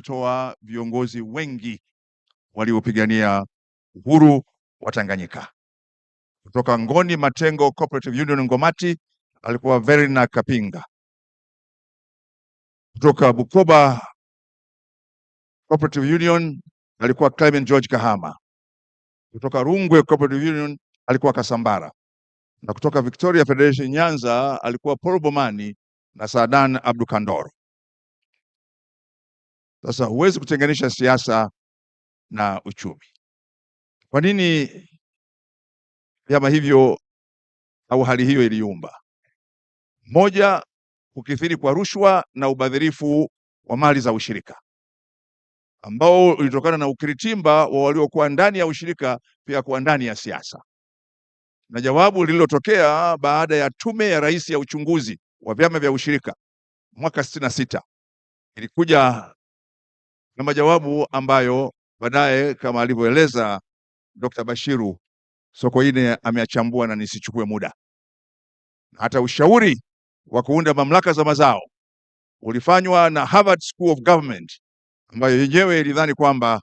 toa viongozi wengi waliopigania uhuru wa Tanganyika kutoka Ngoni Matengo Cooperative Union Ngomati alikuwa Verina Kapinga, kutoka Bukoba Cooperative Union alikuwa Clement George Kahama, kutoka Rungwe Cooperative Union alikuwa Kasambara, na kutoka Victoria Federation Nyanza alikuwa Paul Bomani na Sadan Abdu Kandoro. Sasa huwezi kutenganisha siasa na uchumi. Kwa nini vyama hivyo au hali hiyo iliumba? Moja, kukithiri kwa rushwa na ubadhirifu wa mali za ushirika ambao ulitokana na ukiritimba wa waliokuwa ndani ya ushirika pia kuwa ndani ya siasa, na jawabu lililotokea baada ya tume ya rais ya uchunguzi wa vyama vya ushirika mwaka sitini na sita ilikuja na majawabu ambayo baadaye kama alivyoeleza Dr. Bashiru Sokoine ameachambua na nisichukue muda. Hata ushauri wa kuunda mamlaka za mazao ulifanywa na Harvard School of Government ambayo yenyewe ilidhani kwamba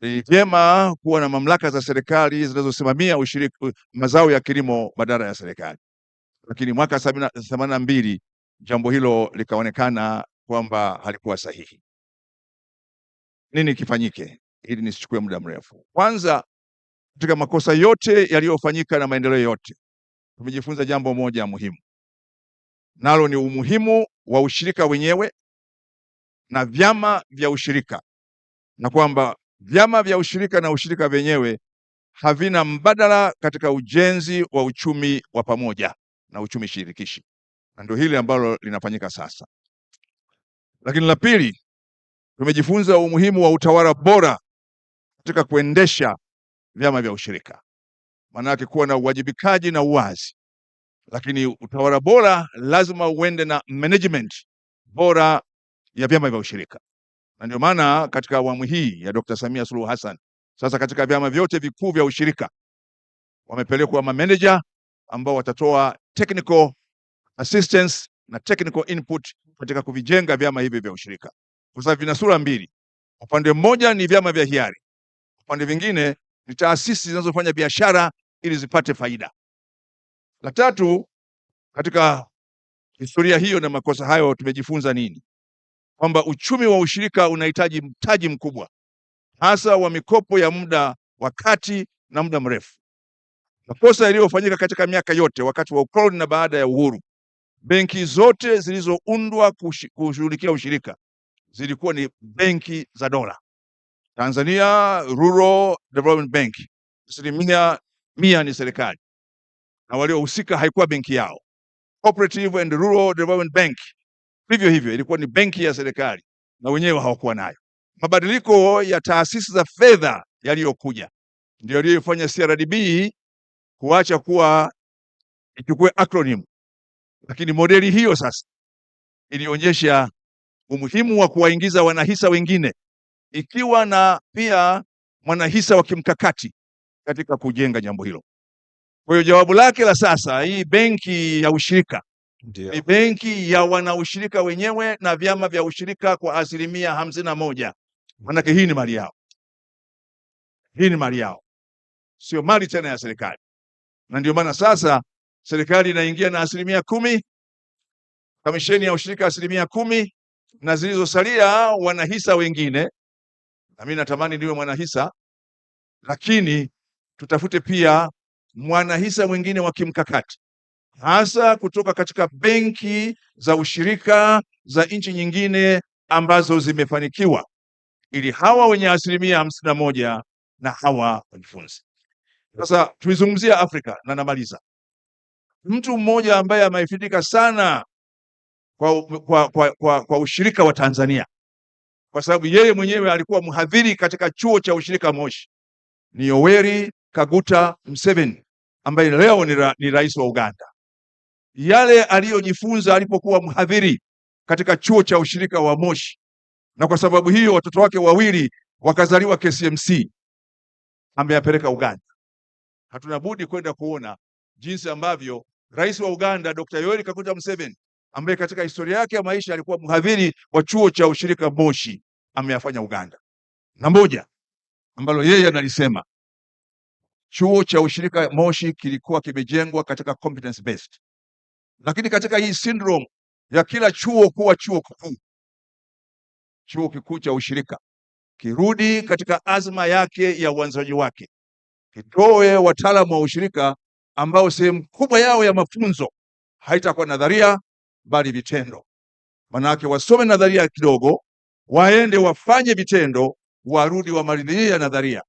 ni vyema kuwa na mamlaka za serikali zinazosimamia ushiriki mazao ya kilimo badala ya serikali. Lakini mwaka themanini na mbili jambo hilo likaonekana kwamba halikuwa sahihi nini kifanyike ili nisichukue muda mrefu. Kwanza, katika makosa yote yaliyofanyika na maendeleo yote, tumejifunza jambo moja muhimu, nalo ni umuhimu wa ushirika wenyewe na vyama vya ushirika, na kwamba vyama vya ushirika na ushirika wenyewe havina mbadala katika ujenzi wa uchumi wa pamoja na uchumi shirikishi, na ndio hili ambalo linafanyika sasa. Lakini la pili tumejifunza umuhimu wa utawala bora katika kuendesha vyama vya ushirika, maana yake kuwa na uwajibikaji na uwazi. Lakini utawala bora lazima uende na management bora ya vyama vya ushirika, na ndio maana katika awamu hii ya Dr. Samia Suluhu Hassan sasa katika vyama vyote vikuu vya ushirika wamepelekwa mameneja ambao watatoa technical assistance na technical input katika kuvijenga vyama hivi vya ushirika kwa sababu vina sura mbili. Upande mmoja ni vyama vya hiari, upande vingine ni taasisi zinazofanya biashara ili zipate faida. La tatu, katika historia hiyo na makosa hayo tumejifunza nini? Kwamba uchumi wa ushirika unahitaji mtaji mkubwa, hasa wa mikopo ya muda wa kati na muda mrefu. Makosa yaliyofanyika katika miaka yote wakati wa ukoloni na baada ya uhuru, benki zote zilizoundwa kushughulikia ushirika zilikuwa ni benki za dola. Tanzania Rural Development Bank asilimia mia ni serikali na waliohusika haikuwa benki yao. Cooperative and Rural Development Bank vivyo hivyo ilikuwa ni benki ya serikali na wenyewe hawakuwa nayo. Mabadiliko ya taasisi za fedha yaliyokuja ndio yaliyofanya CRDB kuacha kuwa ichukue acronym, lakini modeli hiyo sasa ilionyesha umuhimu wa kuwaingiza wanahisa wengine, ikiwa na pia mwanahisa wa kimkakati katika kujenga jambo hilo. Kwa hiyo jawabu lake la sasa, hii benki ya ushirika Ndiyo. ni benki ya wanaushirika wenyewe na vyama vya ushirika kwa asilimia hamsini na moja. Manake hii ni mali yao, hii ni mali yao, sio mali tena ya serikali, na ndio maana sasa serikali inaingia na asilimia kumi, kamisheni ya ushirika asilimia kumi, na zilizosalia wanahisa wengine, na mimi natamani niwe mwanahisa, lakini tutafute pia mwanahisa mwingine wa kimkakati, hasa kutoka katika benki za ushirika za nchi nyingine ambazo zimefanikiwa, ili hawa wenye asilimia hamsini na moja na hawa wajifunze. Sasa tuizungumzia Afrika na namaliza. Mtu mmoja ambaye amefidika sana kwa, kwa, kwa, kwa, kwa ushirika wa Tanzania kwa sababu yeye mwenyewe alikuwa mhadhiri katika chuo cha ushirika Moshi. Ni Yoweri Kaguta Museveni ambaye leo ni, ra, ni rais wa Uganda. Yale aliyojifunza alipokuwa mhadhiri katika chuo cha ushirika wa Moshi, na kwa sababu hiyo watoto wake wawili wakazaliwa KCMC, ameyapeleka Uganda. Hatuna budi kwenda kuona jinsi ambavyo rais wa Uganda Dr. Yoweri Kaguta Museveni ambaye katika historia yake ya maisha alikuwa mhadhiri wa chuo cha ushirika Moshi ameyafanya Uganda, na moja ambalo yeye analisema chuo cha ushirika Moshi kilikuwa kimejengwa katika competence based, lakini katika hii syndrome ya kila chuo kuwa chuo kikuu, chuo kikuu cha ushirika kirudi katika azma yake ya uanzaji wake, kitoe wataalamu wa ushirika ambao sehemu kubwa yao ya mafunzo haitakuwa nadharia bali vitendo. Manake wasome nadharia kidogo, waende wafanye vitendo, warudi wamalizie ya nadharia,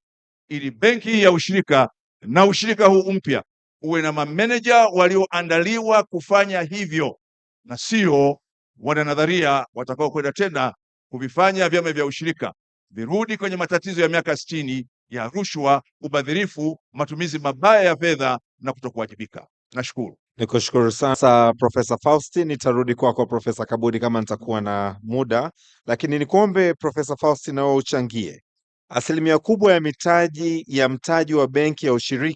ili benki ya ushirika na ushirika huu mpya uwe na mameneja walioandaliwa kufanya hivyo na sio wananadharia watakaokwenda tena kuvifanya vyama vya ushirika virudi kwenye matatizo ya miaka sitini ya rushwa, ubadhirifu, matumizi mabaya ya fedha na kutokuwajibika. Nashukuru. Ni kushukuru sana Profesa Fausti. Nitarudi kwako Profesa Kabudi kama nitakuwa na muda, lakini nikuombe Profesa Fausti nawe uchangie. Asilimia kubwa ya mitaji ya mtaji wa benki ya ushirika